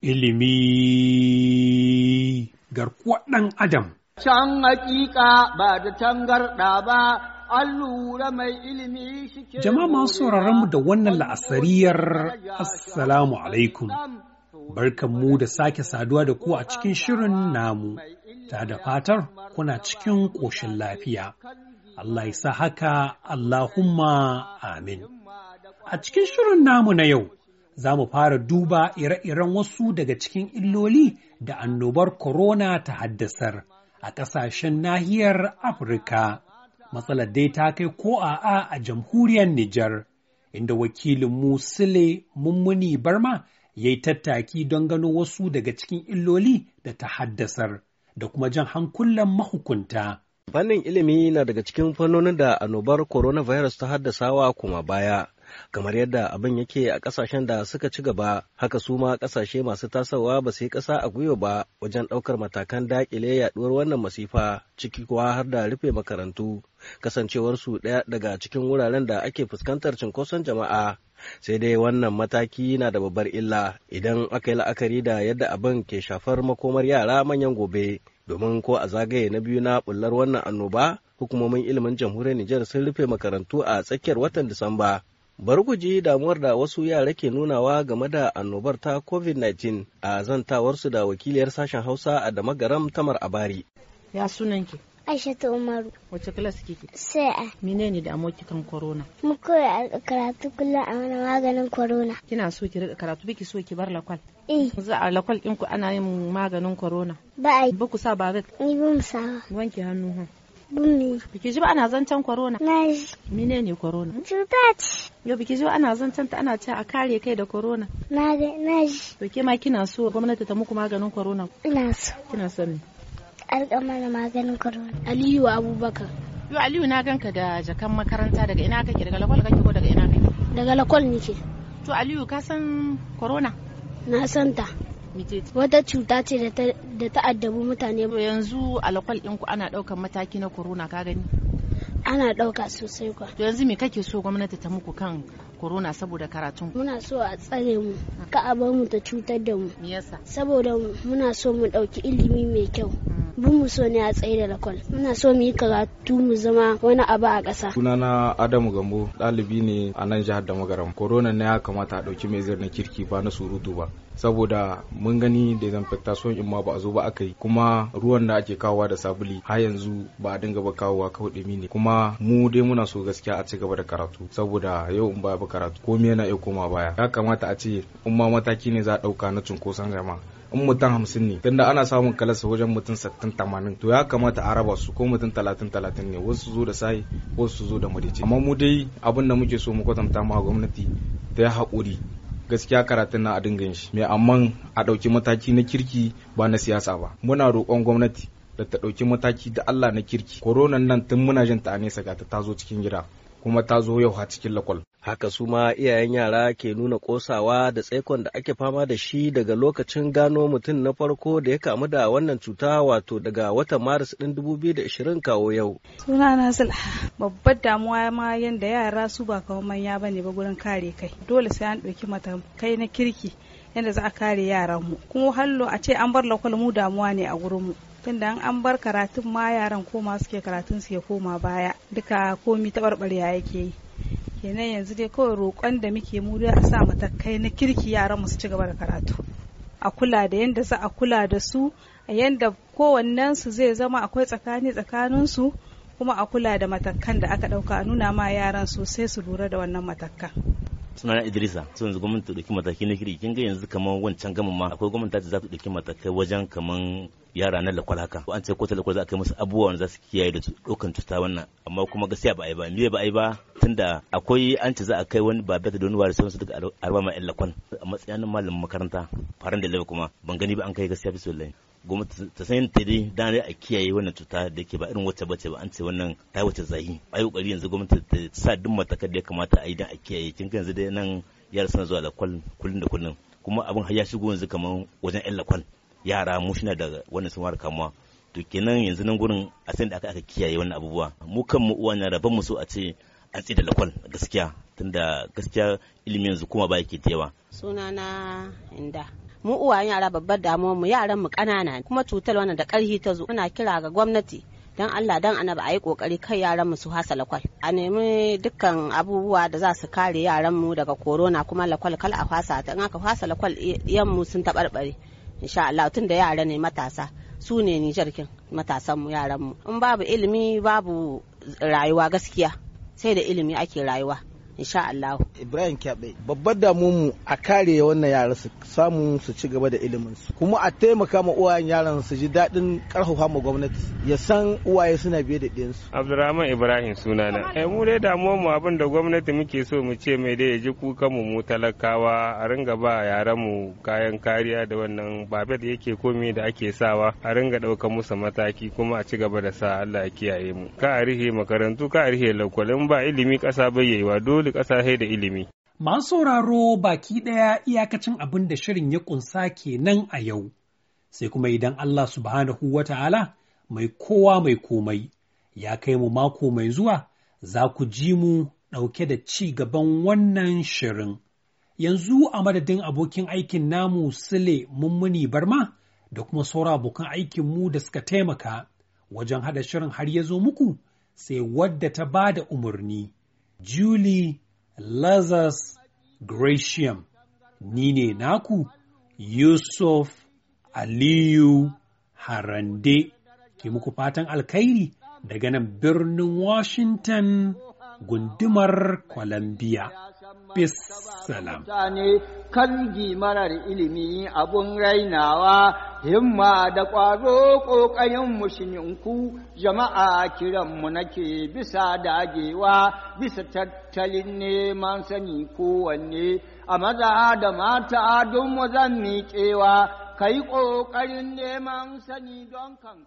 ilimi garkuwa ɗan adam. Can hakika ba da tangarɗa ba, an lura mai ilimi shi ke Jama'a masu sauraron mu da wannan la'asariyar Assalamu alaikum. Barkan mu da sake saduwa da ku a cikin shirin namu, ta da fatar kuna cikin ƙoshin lafiya. Allah ya haka Allahumma amin. A cikin shirin namu na yau, za mu fara duba ire-iren wasu daga cikin illoli da annobar corona ta haddasar a ƙasashen nahiyar Afirka. Matsalar dai ta kai ko a'a a jamhuriyar Nijar, inda wakilin Musile Mummuni Barma ya yi tattaki don gano wasu daga cikin illoli da ta haddasar da kuma jan hankulan mahukunta. Fannin ilimi na daga cikin fannonin da annobar coronavirus ta haddasawa kuma baya. kamar yadda abin yake a kasashen da suka ci gaba haka su ma kasashe masu tasowa ba su yi kasa a gwiwa ba wajen ɗaukar matakan daƙile yaɗuwar wannan masifa ciki kuwa har da rufe makarantu kasancewarsu ɗaya daga cikin wuraren da ake fuskantar cinkoson jama'a sai dai wannan mataki na da babbar illa idan aka yi la'akari da yadda abin ke shafar makomar yara manyan gobe domin ko a zagaye na biyu na bullar wannan annoba hukumomin ilimin jamhuriyar Nijar sun rufe makarantu a tsakiyar watan Disamba Bari ku ji damuwar da wasu yara ke nunawa game da annobar ta COVID-19 a zantawarsu da wakiliyar sashen Hausa a Damagaram Tamar Abari. Ya sunan ki? Aisha ta Umaru. Wace kilas kike? Sai a. Mine ne damuwar kan corona? Mu koyi a karatu kullum a wani maganin corona. Kina so ki rika karatu biki so ki bar lakwal? Eh. Za a lakwal ɗinku ana yin maganin korona. Ba a yi. Ba ku sa ba Ni ba mu sa. Wanke hannu ha. Biki ji ba ana zancen corona. Na ji. Mine ne corona? Cuta ce. Yo biki ji ba ana zancen ta ana ce a kare kai da corona. Na ga na ji. To ke ma kina so gwamnati ta muku maganin corona? Ina so. Kina so ne? mana maganin corona. Aliyu Abubakar. Yo Aliyu na ganka da jakan makaranta daga ina kake daga lakwal kake ko daga ina kake? Daga lakwal nike. To Aliyu ka san corona? Na san ta. Wata cuta ce da ta addabu mutane. Yanzu alkwal ɗinku ana ɗaukar mataki na corona ka gani? ana ɗauka sosai kwa. yanzu me kake so gwamnati ta muku kan corona saboda karatun muna so a tsare mu ka a mu ta cutar da mu saboda muna so mu ɗauki ilimi mai kyau Mun mu so ne a tsaye da lakwal. Muna so mu yi karatu mu zama wani abu a ƙasa. na Adamu Gambo ɗalibi ne a nan jihar da magaram. Corona ne ya kamata a ɗauki mai zirna kirki ba na surutu ba. Saboda mun gani desinfectation in ma ba a zo ba aka yi kuma ruwan da ake kawowa da sabuli har yanzu ba a dinga ba kawowa kawai ɗumi ne kuma mu dai muna so gaskiya a ci gaba da karatu saboda yau in ba karatu komai yana iya koma baya ya kamata a ce in ma mataki ne za a ɗauka na cunkoson jama'a in mutum hamsin ne tunda ana samun kalasa wajen mutum sattin tamanin to ya kamata a raba su ko mutum talatin talatin ne wasu zo da sai wasu zo da madaici amma mu dai abin da muke so mu kwatanta ma gwamnati ta yi haƙuri gaskiya karatun na a dinga yin shi mai amma a ɗauki mataki na kirki ba na siyasa ba muna roƙon gwamnati da ta ɗauki mataki da Allah na kirki koronan nan tun muna jin ta a nesa ga ta tazo cikin gida kuma ta zo yau a cikin lakwal. Haka su ma iyayen yara ke nuna kosawa da tsaikon da ake fama da shi daga lokacin gano mutum na farko da ya kamu da wannan cuta wato daga watan Maris ɗin 2020 kawo yau. Suna na babbar damuwa ma yadda yara su ba kawo manya ba ne ba gurin kare kai. Dole sai an ɗauki matakai na kirki yadda za a kare yaran mu Kuma hallo a ce an bar lakwal mu damuwa ne a mu. da an bar karatun ma yaran koma suke karatun su ya koma baya duka komi taɓarɓarya yake yi kenan yanzu dai kawai roƙon da muke mu dai a sa matakai na kirki yaran mu su ci gaba da karatu a kula da yanda za a kula da su a yanda kowannen su zai zama akwai tsakani tsakanin su kuma a kula da matakan da aka ɗauka a nuna ma yaran sosai su lura da wannan matakan sunana Idrisa so yanzu gwamnati ta dauki mataki na shiri kin ga yanzu kamar wancan gama ma akwai gwamnati ta za ta ɗauki matakai wajen kaman yara na lakwal haka an ce ko lakwal za a kai musu abubuwa wanda za su kiyaye da ɗaukan cuta wannan amma kuma gaskiya ba a yi ba me ba a yi ba tunda akwai an ce za a kai wani babe da wani warisa su duka arba ma yan lakwal a matsayin malamin makaranta faran da lawa kuma ban gani ba an kai gaskiya bisu wallahi gwamnati ta san ta dai dan a kiyaye wannan cuta da ke ba irin wacce bace ba an ce wannan ta wace zahi ayi kokari yanzu gwamnati ta sa duk matakan da ya kamata a yi dan a kiyaye kin yanzu dai nan yara rasa zuwa lakwal kullun da kullun kuma abin har ya shigo yanzu kamar wajen yan lakwal yara mu da wannan sun fara kamuwa to kenan yanzu nan gurin a san da aka aka kiyaye wannan abubuwa mu kan mu uwa na rabon mu so a ce an tsida lakwal gaskiya tunda gaskiya ilimin yanzu kuma ba yake da yawa sunana inda mu uwayen yara babbar damuwar mu yaran mu kanana kuma cutar wannan da karhi ta zo muna kira ga gwamnati dan Allah dan anaba a yi kokari kai yaran mu su hasa lakwal a nemi dukkan abubuwa da za su kare yaran mu daga korona kuma lakwal kal a fasa ta in aka fasa lakwal yan mu sun taɓarɓare insha Allah tun da yara ne matasa su ne ni jarkin matasan mu yaran mu in babu ilimi babu rayuwa gaskiya sai da ilimi ake rayuwa insha Allah Ibrahim Kyabe babbar damu mu a kare wannan yara su samu su ci gaba da ilimin su kuma a taimaka ma uwayen yaran su ji daɗin ƙarfafa ma gwamnati ya san uwaye suna biye da ɗiyansu. Abdurrahman Ibrahim sunana. Eh mu dai damuwar mu abin da gwamnati muke so mu ce mai dai ya ji kukan mu mu talakawa a ringa ba yaran mu kayan kariya da wannan babet yake komai da ake sawa a ringa ɗaukar musu mataki kuma a ci gaba da sa Allah ya kiyaye mu. Ka a rihe makarantu ka a rihe lakwalin ba ilimi ƙasa bayyewa dole ƙasa sai da ilimi. Masu sauraro baki ɗaya iyakacin abin da shirin ya ƙunsa kenan a yau. Sai kuma idan Allah subhanahu wa ta'ala mai kowa mai komai ya kai mu mako mai zuwa za ku ji mu ɗauke da ci gaban wannan shirin. Yanzu a madadin abokin aikin namu Sule Mummuni Barma da kuma saura abokan mu da suka taimaka wajen haɗa shirin har ya zo muku sai wadda ta ba da umarni. Julie Lazarus Gratiam, ni ne naku Yusuf Aliyu Harande. ke muku fatan alkhairi daga nan birnin Washington gundumar Columbia. Bis salam. marar ilimi abun rainawa, himma da ƙwaro ƙoƙarin mushininku jama'a kiranmu nake bisa dagewa, bisa tattalin neman sani kowanne, a maza da mata don mu zan miƙewa, ka ƙoƙarin neman sani don kanka.